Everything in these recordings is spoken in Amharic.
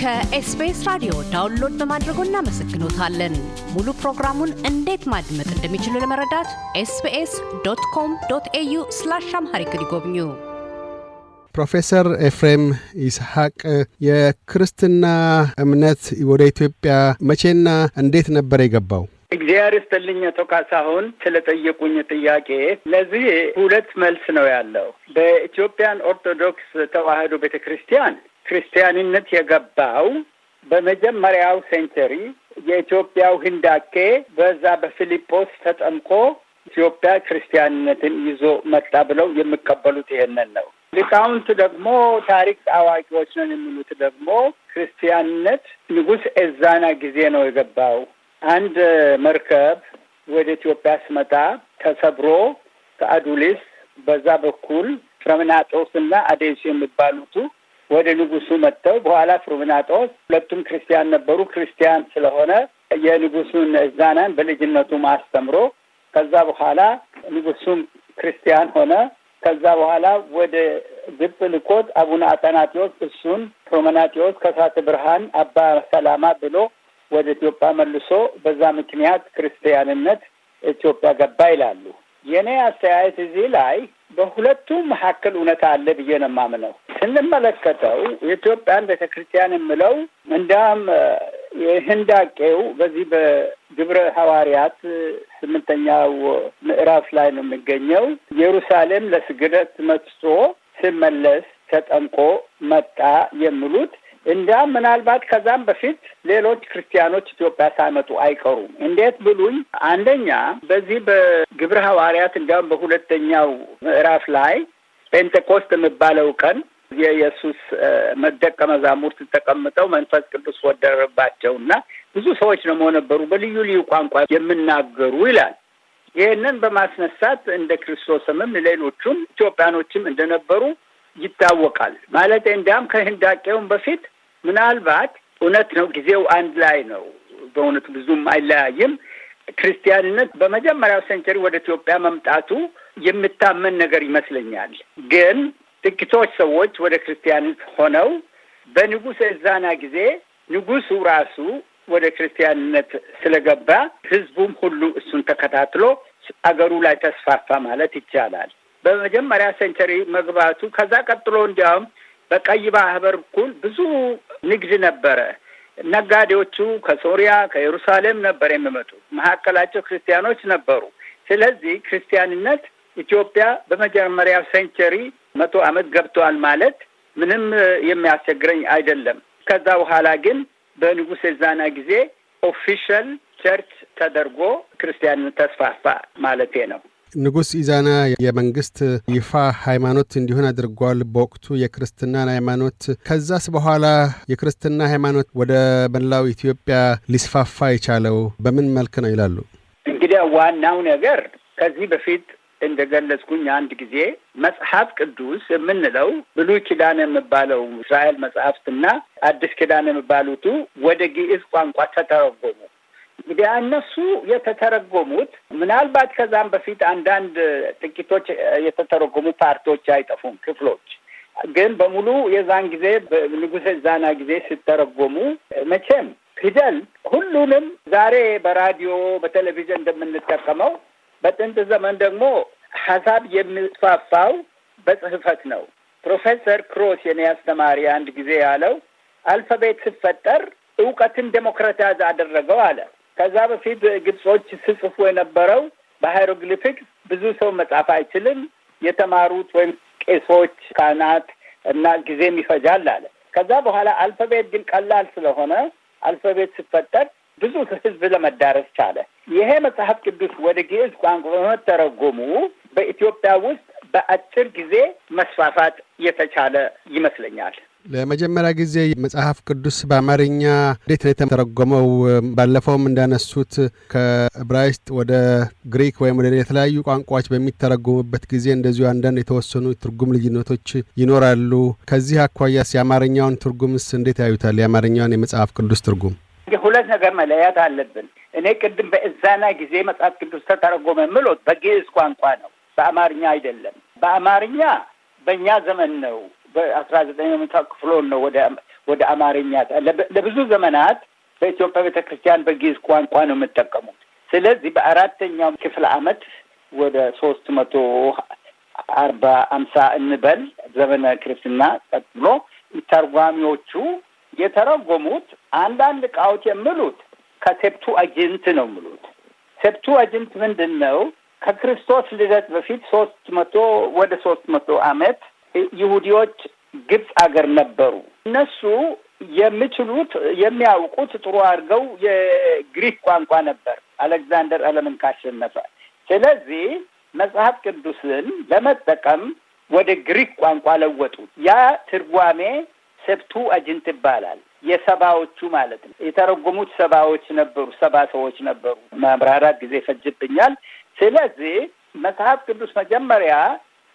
ከኤስቢኤስ ራዲዮ ዳውንሎድ በማድረጎ እናመሰግኖታለን። ሙሉ ፕሮግራሙን እንዴት ማድመጥ እንደሚችሉ ለመረዳት ኤስቢኤስ ዶት ኮም ዶት ኤዩ ስላሽ አምሃሪክ ይጎብኙ። ፕሮፌሰር ኤፍሬም ይስሐቅ የክርስትና እምነት ወደ ኢትዮጵያ መቼና እንዴት ነበር የገባው? እግዚአብሔር ይስጥልኝ አቶ ካሳሁን ስለጠየቁኝ ጥያቄ ለዚህ ሁለት መልስ ነው ያለው። በኢትዮጵያን ኦርቶዶክስ ተዋህዶ ቤተ ክርስቲያን ክርስቲያንነት የገባው በመጀመሪያው ሴንቸሪ የኢትዮጵያው ህንዳኬ በዛ በፊሊጶስ ተጠምቆ ኢትዮጵያ ክርስቲያንነትን ይዞ መጣ ብለው የሚቀበሉት ይሄንን ነው። ሊቃውንት ደግሞ ታሪክ አዋቂዎች ነን የሚሉት ደግሞ ክርስቲያንነት ንጉሥ ኤዛና ጊዜ ነው የገባው። አንድ መርከብ ወደ ኢትዮጵያ ስመጣ ተሰብሮ ከአዱሊስ በዛ በኩል ፍረምናጦስ እና አዴስ የሚባሉቱ ወደ ንጉሱ መጥተው በኋላ ፍሩምናጦስ ሁለቱም ክርስቲያን ነበሩ። ክርስቲያን ስለሆነ የንጉሱን እዛናን በልጅነቱ አስተምሮ ከዛ በኋላ ንጉሱም ክርስቲያን ሆነ። ከዛ በኋላ ወደ ግብጽ ልኮት አቡነ አጠናጢዎስ እሱን ፕሮመናቴዎስ ከሳት ብርሃን አባ ሰላማ ብሎ ወደ ኢትዮጵያ መልሶ በዛ ምክንያት ክርስቲያንነት ኢትዮጵያ ገባ ይላሉ። የእኔ አስተያየት እዚህ ላይ በሁለቱም መካከል እውነት አለ ብዬ ነው የማምነው። ስንመለከተው የኢትዮጵያን ቤተ ክርስቲያን የምለው እንዲያም የህንዳቄው በዚህ በግብረ ሐዋርያት ስምንተኛው ምዕራፍ ላይ ነው የሚገኘው። ኢየሩሳሌም ለስግደት መጥቶ ሲመለስ ተጠምቆ መጣ የሚሉት እንዲያም ምናልባት ከዛም በፊት ሌሎች ክርስቲያኖች ኢትዮጵያ ሳይመጡ አይቀሩም። እንዴት ብሉኝ፣ አንደኛ በዚህ በግብረ ሐዋርያት እንዲያውም በሁለተኛው ምዕራፍ ላይ ጴንጤቆስት የሚባለው ቀን የኢየሱስ መደቀ መዛሙርት ተቀምጠው መንፈስ ቅዱስ ወደረባቸው እና ብዙ ሰዎች ነው ነበሩ በልዩ ልዩ ቋንቋ የምናገሩ ይላል። ይህንን በማስነሳት እንደ ክርስቶስምም ሌሎቹም ኢትዮጵያኖችም እንደነበሩ ይታወቃል። ማለት እንዲያም ከህንዳቄውም በፊት ምናልባት እውነት ነው፣ ጊዜው አንድ ላይ ነው። በእውነቱ ብዙም አይለያይም። ክርስቲያንነት በመጀመሪያው ሴንቸሪ ወደ ኢትዮጵያ መምጣቱ የምታመን ነገር ይመስለኛል። ግን ጥቂቶች ሰዎች ወደ ክርስቲያንነት ሆነው በንጉሥ እዛና ጊዜ ንጉሱ ራሱ ወደ ክርስቲያንነት ስለገባ ህዝቡም ሁሉ እሱን ተከታትሎ አገሩ ላይ ተስፋፋ ማለት ይቻላል። በመጀመሪያ ሴንቸሪ መግባቱ ከዛ ቀጥሎ እንዲያውም በቀይ ባህር በኩል ብዙ ንግድ ነበረ። ነጋዴዎቹ ከሶሪያ ከኢየሩሳሌም ነበር የሚመጡ፣ መካከላቸው ክርስቲያኖች ነበሩ። ስለዚህ ክርስቲያንነት ኢትዮጵያ በመጀመሪያ ሴንቸሪ መቶ ዓመት ገብተዋል ማለት ምንም የሚያስቸግረኝ አይደለም። ከዛ በኋላ ግን በንጉሥ የዛና ጊዜ ኦፊሻል ቸርች ተደርጎ ክርስቲያንን ተስፋፋ ማለቴ ነው። ንጉሥ ኢዛና የመንግስት ይፋ ሃይማኖት እንዲሆን አድርጓል በወቅቱ የክርስትናን ሃይማኖት። ከዛስ በኋላ የክርስትና ሃይማኖት ወደ መላው ኢትዮጵያ ሊስፋፋ የቻለው በምን መልክ ነው ይላሉ? እንግዲህ ዋናው ነገር ከዚህ በፊት እንደገለጽኩኝ አንድ ጊዜ መጽሐፍ ቅዱስ የምንለው ብሉይ ኪዳን የሚባለው እስራኤል መጽሐፍትና አዲስ ኪዳን የሚባሉቱ ወደ ግዕዝ ቋንቋ ተተረጎሙ። እንግዲህ እነሱ የተተረጎሙት ምናልባት ከዛም በፊት አንዳንድ ጥቂቶች የተተረጎሙ ፓርቲዎች አይጠፉም፣ ክፍሎች ግን በሙሉ የዛን ጊዜ በንጉሰ ዛና ጊዜ ሲተረጎሙ መቼም ፊደል ሁሉንም ዛሬ በራዲዮ በቴሌቪዥን እንደምንጠቀመው በጥንት ዘመን ደግሞ ሀሳብ የሚስፋፋው በጽህፈት ነው። ፕሮፌሰር ክሮስ የኔ አስተማሪ አንድ ጊዜ ያለው አልፋቤት ሲፈጠር እውቀትን ዴሞክራታይዝ አደረገው አለ። ከዛ በፊት ግብጾች ስጽፉ የነበረው በሃይሮግሊፊክ ብዙ ሰው መጻፍ አይችልም። የተማሩት ወይም ቄሶች፣ ካህናት እና ጊዜም ይፈጃል አለ። ከዛ በኋላ አልፋቤት ግን ቀላል ስለሆነ አልፋቤት ሲፈጠር ብዙ ህዝብ ለመዳረስ ቻለ። ይሄ መጽሐፍ ቅዱስ ወደ ግዕዝ ቋንቋ በመተረጎሙ በኢትዮጵያ ውስጥ በአጭር ጊዜ መስፋፋት የተቻለ ይመስለኛል። ለመጀመሪያ ጊዜ መጽሐፍ ቅዱስ በአማርኛ እንዴት ነው የተተረጎመው? ባለፈውም እንዳነሱት ከዕብራይስጥ ወደ ግሪክ ወይም ወደ የተለያዩ ቋንቋዎች በሚተረጎሙበት ጊዜ እንደዚሁ አንዳንድ የተወሰኑ ትርጉም ልዩነቶች ይኖራሉ። ከዚህ አኳያስ የአማርኛውን ትርጉምስ እንዴት ያዩታል? የአማርኛውን የመጽሐፍ ቅዱስ ትርጉም ሁለት ነገር መለያት አለብን። እኔ ቅድም በእዛና ጊዜ መጽሐፍ ቅዱስ ተተረጎመ ምሎት በግዕዝ ቋንቋ ነው፣ በአማርኛ አይደለም። በአማርኛ በእኛ ዘመን ነው በአስራ ዘጠኝ መቶ ክፍሎ ነው ወደ ወደ አማርኛ ለብዙ ዘመናት በኢትዮጵያ ቤተ ክርስቲያን በግዕዝ ቋንቋ ነው የምጠቀሙት። ስለዚህ በአራተኛው ክፍለ ዓመት ወደ ሶስት መቶ አርባ አምሳ እንበል ዘመነ ክርስትና ቀጥሎ ተርጓሚዎቹ የተረጎሙት አንዳንድ እቃዎች የምሉት ከሴፕቱ አጅንት ነው የሚሉት። ሴፕቱ አጅንት ምንድን ነው? ከክርስቶስ ልደት በፊት ሶስት መቶ ወደ ሶስት መቶ አመት ይሁዲዎች ግብፅ አገር ነበሩ። እነሱ የሚችሉት የሚያውቁት ጥሩ አድርገው የግሪክ ቋንቋ ነበር። አሌክዛንደር ዓለምን ካሸነፈ። ስለዚህ መጽሐፍ ቅዱስን ለመጠቀም ወደ ግሪክ ቋንቋ ለወጡ። ያ ትርጓሜ ሰብቱ አጅንት ይባላል። የሰባዎቹ ማለት ነው። የተረጎሙት ሰባዎች ነበሩ፣ ሰባ ሰዎች ነበሩ። ማብራራት ጊዜ ፈጅብኛል። ስለዚህ መጽሐፍ ቅዱስ መጀመሪያ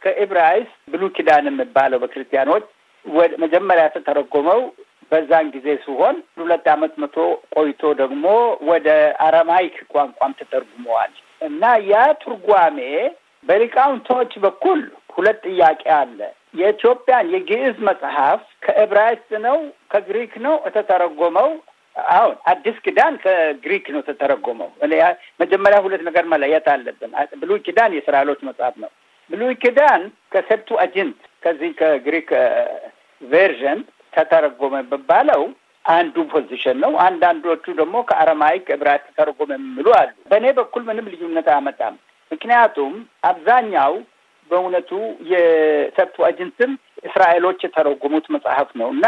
ከኤብራይስ ብሉ ኪዳን የሚባለው በክርስቲያኖች መጀመሪያ ተተረጎመው በዛን ጊዜ ሲሆን ሁለት አመት መቶ ቆይቶ ደግሞ ወደ አረማይክ ቋንቋም ተተርጉመዋል እና ያ ትርጓሜ በሊቃውንቶች በኩል ሁለት ጥያቄ አለ። የኢትዮጵያን የግዕዝ መጽሐፍ ከዕብራይስጥ ነው ከግሪክ ነው የተተረጎመው? አሁን አዲስ ኪዳን ከግሪክ ነው ተተረጎመው። መጀመሪያ ሁለት ነገር መለየት አለብን። ብሉይ ኪዳን የእስራኤሎች መጽሐፍ ነው። ብሉይ ኪዳን ከሰብቱ አጅንት ከዚህ ከግሪክ ቬርዥን ተተረጎመ ብባለው አንዱ ፖዚሽን ነው። አንዳንዶቹ ደግሞ ከአረማይክ ዕብራይስጥ ተተረጎመ የሚሉ አሉ። በእኔ በኩል ምንም ልዩነት አያመጣም። ምክንያቱም አብዛኛው በእውነቱ የሰብቱ አጅንትም እስራኤሎች የተረጎሙት መጽሐፍ ነው እና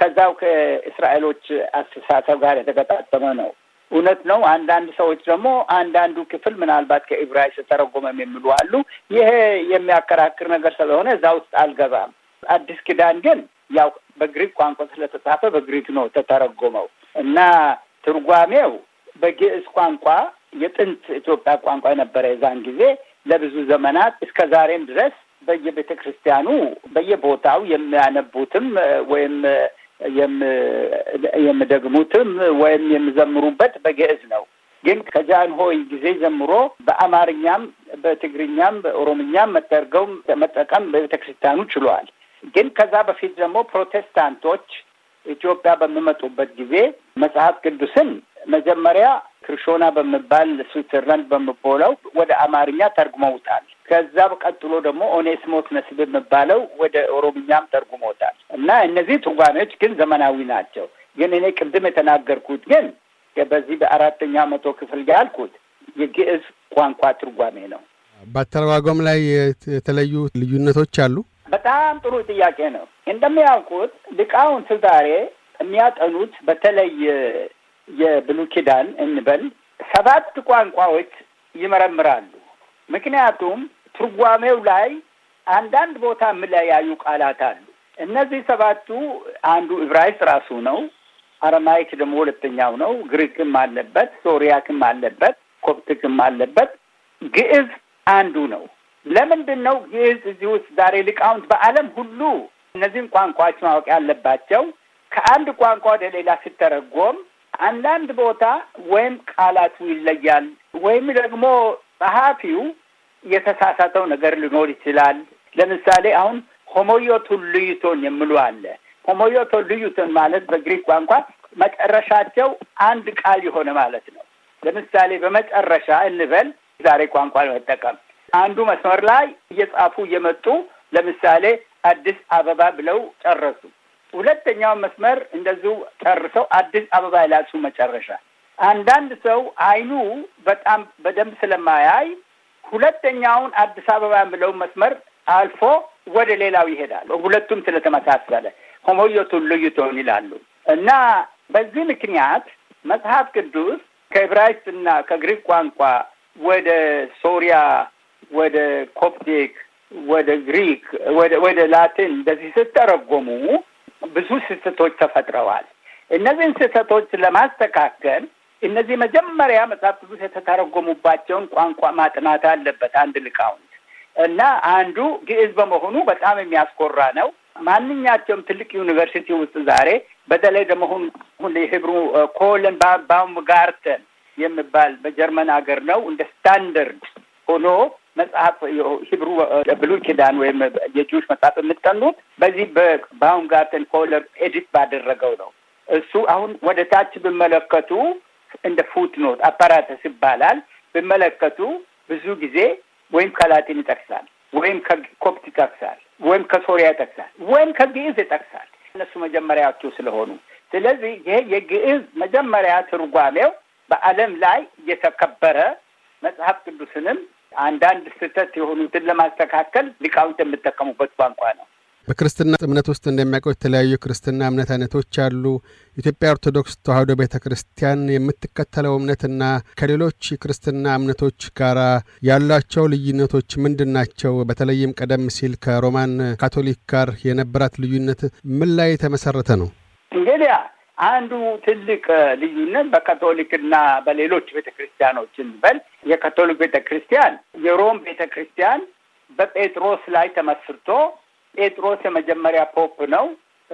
ከዛው ከእስራኤሎች አስተሳሰብ ጋር የተገጣጠመ ነው። እውነት ነው። አንዳንድ ሰዎች ደግሞ አንዳንዱ ክፍል ምናልባት ከኢብራይስ ተረጎመም የሚሉ አሉ። ይሄ የሚያከራክር ነገር ስለሆነ እዛ ውስጥ አልገባም። አዲስ ኪዳን ግን ያው በግሪክ ቋንቋ ስለተጻፈ በግሪክ ነው ተተረጎመው እና ትርጓሜው በግዕዝ ቋንቋ የጥንት ኢትዮጵያ ቋንቋ የነበረ የዛን ጊዜ ለብዙ ዘመናት እስከ ዛሬም ድረስ በየቤተ ክርስቲያኑ በየቦታው የሚያነቡትም ወይም የምደግሙትም ወይም የምዘምሩበት በግዕዝ ነው። ግን ከጃን ሆይ ጊዜ ጀምሮ በአማርኛም በትግርኛም በኦሮምኛም መተርገው መጠቀም በቤተክርስቲያኑ ችሏል። ግን ከዛ በፊት ደግሞ ፕሮቴስታንቶች ኢትዮጵያ በሚመጡበት ጊዜ መጽሐፍ ቅዱስን መጀመሪያ ክርሾና በሚባል ስዊትዘርላንድ በሚባለው ወደ አማርኛ ተርጉመውታል። ከዛ ቀጥሎ ደግሞ ኦኔስሞት ነስብ የሚባለው ወደ ኦሮምኛም ተርጉመውታል። እና እነዚህ ትርጓሜዎች ግን ዘመናዊ ናቸው። ግን እኔ ቅድም የተናገርኩት ግን በዚህ በአራተኛ መቶ ክፍል ያልኩት የግዕዝ ቋንቋ ትርጓሜ ነው። በአተረጓጎም ላይ የተለዩ ልዩነቶች አሉ። በጣም ጥሩ ጥያቄ ነው። እንደሚያውቁት ሊቃውንት ዛሬ የሚያጠኑት በተለይ የብሉይ ኪዳን እንበል ሰባት ቋንቋዎች ይመረምራሉ። ምክንያቱም ትርጓሜው ላይ አንዳንድ ቦታ የምለያዩ ቃላት አሉ። እነዚህ ሰባቱ አንዱ ዕብራይስጥ ራሱ ነው። አረማይክ ደግሞ ሁለተኛው ነው። ግሪክም አለበት፣ ሶሪያክም አለበት፣ ኮፕትክም አለበት። ግዕዝ አንዱ ነው። ለምንድን ነው ግዕዝ እዚህ ውስጥ ዛሬ ሊቃውንት በዓለም ሁሉ እነዚህን ቋንቋዎች ማወቅ ያለባቸው? ከአንድ ቋንቋ ወደ ሌላ ሲተረጎም አንዳንድ ቦታ ወይም ቃላቱ ይለያል፣ ወይም ደግሞ ጸሐፊው የተሳሳተው ነገር ሊኖር ይችላል። ለምሳሌ አሁን ሆሞዮቱ ልዩቶን የሚሉ አለ። ሆሞዮቶ ልዩቶን ማለት በግሪክ ቋንቋ መጨረሻቸው አንድ ቃል የሆነ ማለት ነው። ለምሳሌ በመጨረሻ እንበል ዛሬ ቋንቋ መጠቀም አንዱ መስመር ላይ እየጻፉ እየመጡ ለምሳሌ አዲስ አበባ ብለው ጨረሱ። ሁለተኛው መስመር እንደዚሁ ጨርሰው አዲስ አበባ ይላሱ መጨረሻ። አንዳንድ ሰው አይኑ በጣም በደንብ ስለማያይ ሁለተኛውን አዲስ አበባ ብለው መስመር አልፎ ወደ ሌላው ይሄዳል። ሁለቱም ስለተመሳሰለ ሆሞዮቱን ልዩቶን ይላሉ እና በዚህ ምክንያት መጽሐፍ ቅዱስ ከዕብራይስጥና ከግሪክ ቋንቋ ወደ ሶሪያ፣ ወደ ኮፕቲክ፣ ወደ ግሪክ፣ ወደ ላቲን በዚህ ስተረጎሙ ብዙ ስህተቶች ተፈጥረዋል። እነዚህን ስህተቶች ለማስተካከል እነዚህ መጀመሪያ መጽሐፍ ቅዱስ የተተረጎሙባቸውን ቋንቋ ማጥናት አለበት አንድ ልቃውን እና አንዱ ግዕዝ በመሆኑ በጣም የሚያስኮራ ነው። ማንኛቸውም ትልቅ ዩኒቨርሲቲ ውስጥ ዛሬ በተለይ ደግሞ ሁን የሂብሩ ኮለን ባውምጋርተን የሚባል በጀርመን ሀገር ነው እንደ ስታንደርድ ሆኖ መጽሐፍ ሂብሩ ብሉ ኪዳን ወይም የጂዎች መጽሐፍ የምትጠኑት በዚህ በባውምጋርተን ኮለር ኤዲት ባደረገው ነው። እሱ አሁን ወደ ታች ብመለከቱ እንደ ፉትኖት አፓራተስ ይባላል ብመለከቱ ብዙ ጊዜ ወይም ከላቲን ይጠቅሳል ወይም ከኮፕት ይጠቅሳል ወይም ከሶሪያ ይጠቅሳል ወይም ከግዕዝ ይጠቅሳል። እነሱ መጀመሪያቸው ስለሆኑ ስለዚህ ይሄ የግዕዝ መጀመሪያ ትርጓሜው በአለም ላይ እየተከበረ መጽሐፍ ቅዱስንም አንዳንድ ስህተት የሆኑትን ለማስተካከል ሊቃውንት የምጠቀሙበት ቋንቋ ነው። በክርስትና እምነት ውስጥ እንደሚያውቀው የተለያዩ ክርስትና እምነት አይነቶች አሉ። ኢትዮጵያ ኦርቶዶክስ ተዋህዶ ቤተ ክርስቲያን የምትከተለው እምነትና ከሌሎች ክርስትና እምነቶች ጋር ያሏቸው ልዩነቶች ምንድን ናቸው? በተለይም ቀደም ሲል ከሮማን ካቶሊክ ጋር የነበራት ልዩነት ምን ላይ የተመሰረተ ነው? እንግዲያ አንዱ ትልቅ ልዩነት በካቶሊክና በሌሎች ቤተ ክርስቲያኖች እንበል የካቶሊክ ቤተ ክርስቲያን የሮም ቤተ ክርስቲያን በጴጥሮስ ላይ ተመስርቶ ጴጥሮስ የመጀመሪያ ፖፕ ነው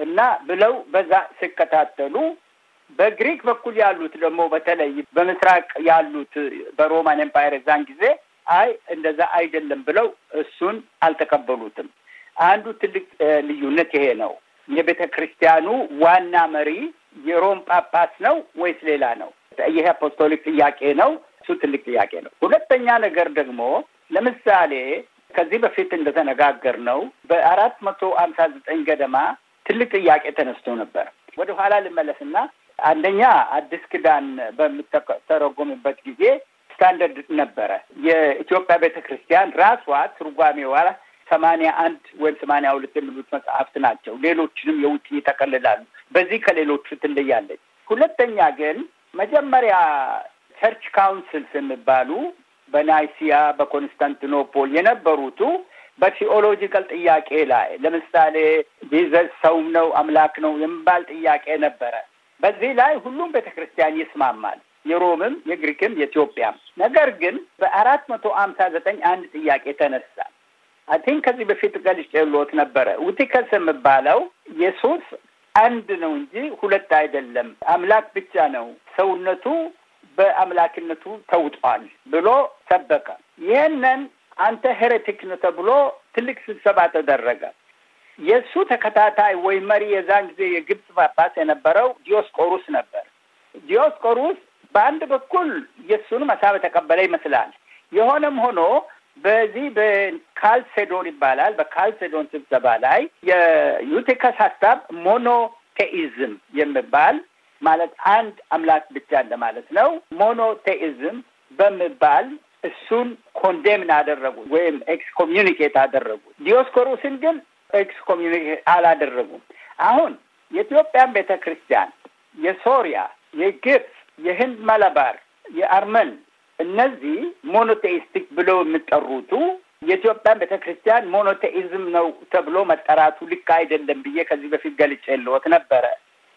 እና ብለው በዛ ሲከታተሉ በግሪክ በኩል ያሉት ደግሞ በተለይ በምስራቅ ያሉት በሮማን ኤምፓየር እዛን ጊዜ አይ እንደዛ አይደለም ብለው እሱን አልተቀበሉትም። አንዱ ትልቅ ልዩነት ይሄ ነው። የቤተ ክርስቲያኑ ዋና መሪ የሮም ጳጳስ ነው ወይስ ሌላ ነው? ይሄ አፖስቶሊክ ጥያቄ ነው። እሱ ትልቅ ጥያቄ ነው። ሁለተኛ ነገር ደግሞ ለምሳሌ ከዚህ በፊት እንደተነጋገር ነው በአራት መቶ አምሳ ዘጠኝ ገደማ ትልቅ ጥያቄ ተነስቶ ነበር። ወደ ኋላ ልመለስና አንደኛ አዲስ ኪዳን በምተረጎምበት ጊዜ ስታንደርድ ነበረ። የኢትዮጵያ ቤተ ክርስቲያን ራሷ ትርጓሜዋ ሰማንያ አንድ ወይም ሰማንያ ሁለት የሚሉት መጽሐፍት ናቸው። ሌሎችንም የውጭ ይጠቀልላሉ። በዚህ ከሌሎቹ ትለያለች። ሁለተኛ ግን መጀመሪያ ቸርች ካውንስልስ የሚባሉ በናይሲያ በኮንስታንቲኖፖል የነበሩቱ በቲኦሎጂካል ጥያቄ ላይ ለምሳሌ ጂዘስ ሰው ነው አምላክ ነው የሚባል ጥያቄ ነበረ። በዚህ ላይ ሁሉም ቤተ ክርስቲያን ይስማማል፣ የሮምም፣ የግሪክም፣ የኢትዮጵያም። ነገር ግን በአራት መቶ አምሳ ዘጠኝ አንድ ጥያቄ ተነሳ። አይ ቲንክ ከዚህ በፊት ገልጬ ነበረ። ውቲከስ የሚባለው የሱስ አንድ ነው እንጂ ሁለት አይደለም፣ አምላክ ብቻ ነው። ሰውነቱ በአምላክነቱ ተውጧል ብሎ ሰበከ። ይህንን አንተ ሄሬቲክ ነ ተብሎ ትልቅ ስብሰባ ተደረገ። የእሱ ተከታታይ ወይ መሪ የዛን ጊዜ የግብፅ ጳጳስ የነበረው ዲዮስቆሩስ ነበር። ዲዮስቆሩስ በአንድ በኩል የእሱን መሳብ የተቀበለ ይመስላል። የሆነም ሆኖ በዚህ በካልሴዶን ይባላል በካልሴዶን ስብሰባ ላይ የዩቴከስ ሀሳብ ሞኖቴኢዝም የሚባል ማለት አንድ አምላክ ብቻ ማለት ነው። ሞኖቴኢዝም በሚባል እሱን ኮንዴምን አደረጉ ወይም ኤክስ ኮሚዩኒኬት ዲዮስኮሩስን ግን ኤክስኮሚኒኬት አላደረጉም። አሁን የኢትዮጵያን ቤተ ክርስቲያን፣ የሶሪያ፣ የግብፅ፣ የህንድ መለባር የአርመን እነዚህ ሞኖቴኢስቲክ ብለው የሚጠሩቱ የኢትዮጵያን ቤተ ክርስቲያን ሞኖቴኢዝም ነው ተብሎ መጠራቱ ልክ አይደለም ብዬ ከዚህ በፊት ገልጬ የለወት ነበረ።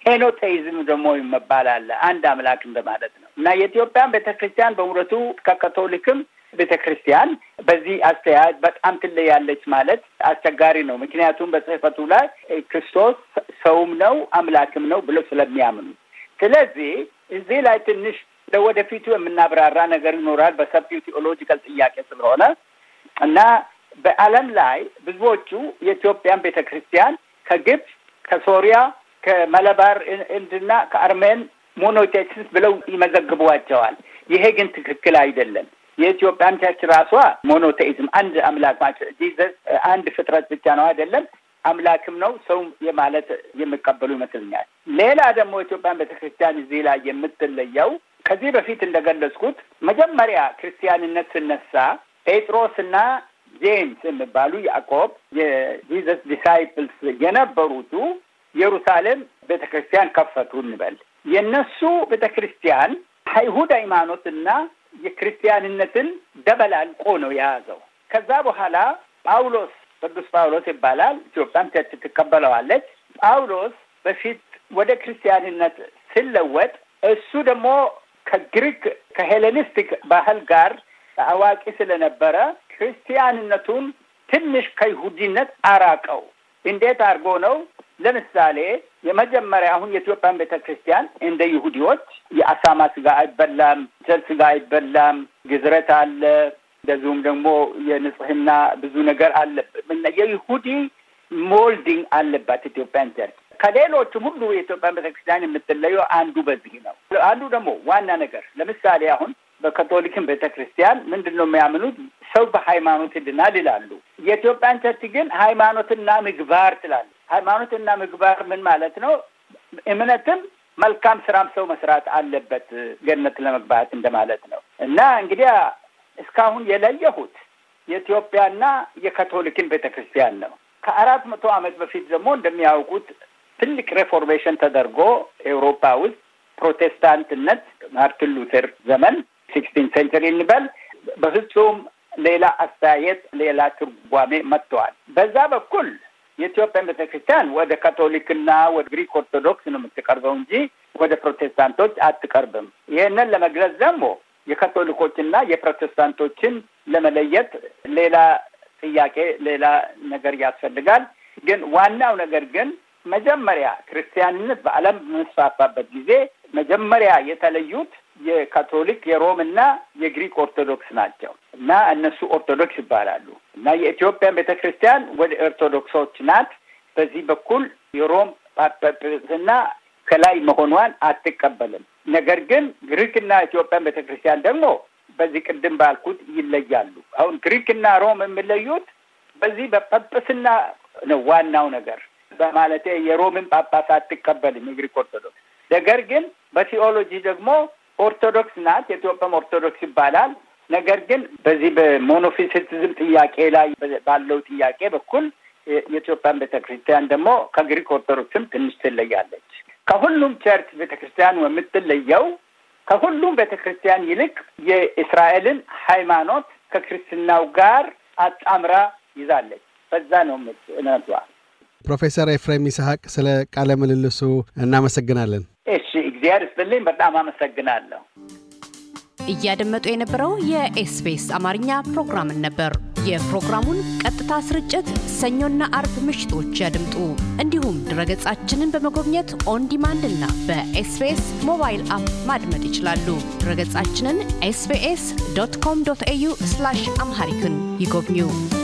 ሄኖቴይዝም ደግሞ ይመባል አለ። አንድ አምላክ እንደማለት ነው እና የኢትዮጵያን ቤተክርስቲያን ክርስቲያን በምረቱ ከካቶሊክም ቤተ ክርስቲያን በዚህ አስተያየት በጣም ትለያለች ማለት አስቸጋሪ ነው። ምክንያቱም በጽህፈቱ ላይ ክርስቶስ ሰውም ነው አምላክም ነው ብሎ ስለሚያምኑ፣ ስለዚህ እዚህ ላይ ትንሽ ለወደፊቱ የምናብራራ ነገር ይኖራል በሰፊው ቴዎሎጂካል ጥያቄ ስለሆነ እና በዓለም ላይ ብዙዎቹ የኢትዮጵያን ቤተ ክርስቲያን ከግብፅ ከሶሪያ ከመለባር እንድና ከአርሜን ሞኖቴክስስ ብለው ይመዘግቧቸዋል። ይሄ ግን ትክክል አይደለም። የኢትዮጵያም ቸርች ራሷ ሞኖቴይዝም አንድ አምላክ ናቸው። ጂዘስ አንድ ፍጥረት ብቻ ነው አይደለም፣ አምላክም ነው ሰው የማለት የሚቀበሉ ይመስለኛል። ሌላ ደግሞ ኢትዮጵያን ቤተክርስቲያን እዚህ ላይ የምትለየው ከዚህ በፊት እንደገለጽኩት መጀመሪያ ክርስቲያንነት ስነሳ ጴጥሮስና ጄምስ የሚባሉ ያዕቆብ የጂዘስ ዲሳይፕልስ የነበሩቱ ኢየሩሳሌም ቤተ ክርስቲያን ከፈቱ እንበል። የእነሱ ቤተ ክርስቲያን አይሁድ ሃይማኖትና የክርስቲያንነትን ደበላልቆ ነው የያዘው። ከዛ በኋላ ጳውሎስ ቅዱስ ጳውሎስ ይባላል። ኢትዮጵያም ቸርች ትቀበለዋለች። ጳውሎስ በፊት ወደ ክርስቲያንነት ሲለወጥ እሱ ደግሞ ከግሪክ ከሄሌኒስቲክ ባህል ጋር አዋቂ ስለነበረ ክርስቲያንነቱን ትንሽ ከይሁዲነት አራቀው። እንዴት አድርጎ ነው? ለምሳሌ የመጀመሪያ አሁን የኢትዮጵያን ቤተ ክርስቲያን እንደ ይሁዲዎች የአሳማ ስጋ አይበላም፣ ሰል ስጋ አይበላም፣ ግዝረት አለ፣ እንደዚሁም ደግሞ የንጽህና ብዙ ነገር አለ። የይሁዲ ሞልዲንግ አለባት ኢትዮጵያን ዘር ከሌሎችም ሁሉ የኢትዮጵያን ቤተ ክርስቲያን የምትለየው አንዱ በዚህ ነው። አንዱ ደግሞ ዋና ነገር ለምሳሌ አሁን በካቶሊክን ቤተ ክርስቲያን ምንድን ነው የሚያምኑት? ሰው በሃይማኖት ይድናል ይላሉ። የኢትዮጵያን ቸርች ግን ሃይማኖትና ምግባር ትላለች። ሃይማኖትና ምግባር ምን ማለት ነው? እምነትም መልካም ስራም ሰው መስራት አለበት ገነት ለመግባት እንደማለት ነው። እና እንግዲያ እስካሁን የለየሁት የኢትዮጵያና የካቶሊክን ቤተክርስቲያን ነው። ከአራት መቶ ዓመት በፊት ደግሞ እንደሚያውቁት ትልቅ ሬፎርሜሽን ተደርጎ ኤውሮፓ ውስጥ ፕሮቴስታንትነት ማርቲን ሉተር ዘመን ሲክስቲን ሴንቸሪ እንበል በፍጹም ሌላ አስተያየት ሌላ ትርጓሜ መጥተዋል። በዛ በኩል የኢትዮጵያ ቤተክርስቲያን ወደ ካቶሊክና ወደ ግሪክ ኦርቶዶክስ ነው የምትቀርበው እንጂ ወደ ፕሮቴስታንቶች አትቀርብም። ይህንን ለመግለጽ ደግሞ የካቶሊኮችና የፕሮቴስታንቶችን ለመለየት ሌላ ጥያቄ፣ ሌላ ነገር ያስፈልጋል። ግን ዋናው ነገር ግን መጀመሪያ ክርስቲያንነት በዓለም በመስፋፋበት ጊዜ መጀመሪያ የተለዩት የካቶሊክ የሮም እና የግሪክ ኦርቶዶክስ ናቸው እና እነሱ ኦርቶዶክስ ይባላሉ እና የኢትዮጵያን ቤተ ክርስቲያን ወደ ኦርቶዶክሶች ናት። በዚህ በኩል የሮም ጳጳስና ከላይ መሆኗን አትቀበልም። ነገር ግን ግሪክና ኢትዮጵያን ቤተ ክርስቲያን ደግሞ በዚህ ቅድም ባልኩት ይለያሉ። አሁን ግሪክና ሮም የሚለዩት በዚህ በጳጳስና ነው ዋናው ነገር በማለት የሮምን ጳጳስ አትቀበልም የግሪክ ኦርቶዶክስ ነገር ግን በቲኦሎጂ ደግሞ ኦርቶዶክስ ናት። የኢትዮጵያም ኦርቶዶክስ ይባላል። ነገር ግን በዚህ በሞኖፊሲቲዝም ጥያቄ ላይ ባለው ጥያቄ በኩል የኢትዮጵያን ቤተክርስቲያን ደግሞ ከግሪክ ኦርቶዶክስም ትንሽ ትለያለች። ከሁሉም ቸርች ቤተክርስቲያን የምትለየው ከሁሉም ቤተክርስቲያን ይልቅ የእስራኤልን ሃይማኖት ከክርስትናው ጋር አጣምራ ይዛለች። በዛ ነው እምነቷ። ፕሮፌሰር ኤፍሬም ይስሐቅ ስለ ቃለ ምልልሱ እናመሰግናለን። እሺ እግዚአብሔር ይስጥልኝ። በጣም አመሰግናለሁ። እያደመጡ የነበረው የኤስቢኤስ አማርኛ ፕሮግራምን ነበር። የፕሮግራሙን ቀጥታ ስርጭት ሰኞና አርብ ምሽቶች ያድምጡ። እንዲሁም ድረገጻችንን በመጎብኘት ኦን እና በኤስቢኤስ ሞባይል አፕ ማድመጥ ይችላሉ። ድረገጻችንን ኤስቢኤስ ዶት ኮም ኤዩ አምሃሪክን ይጎብኙ።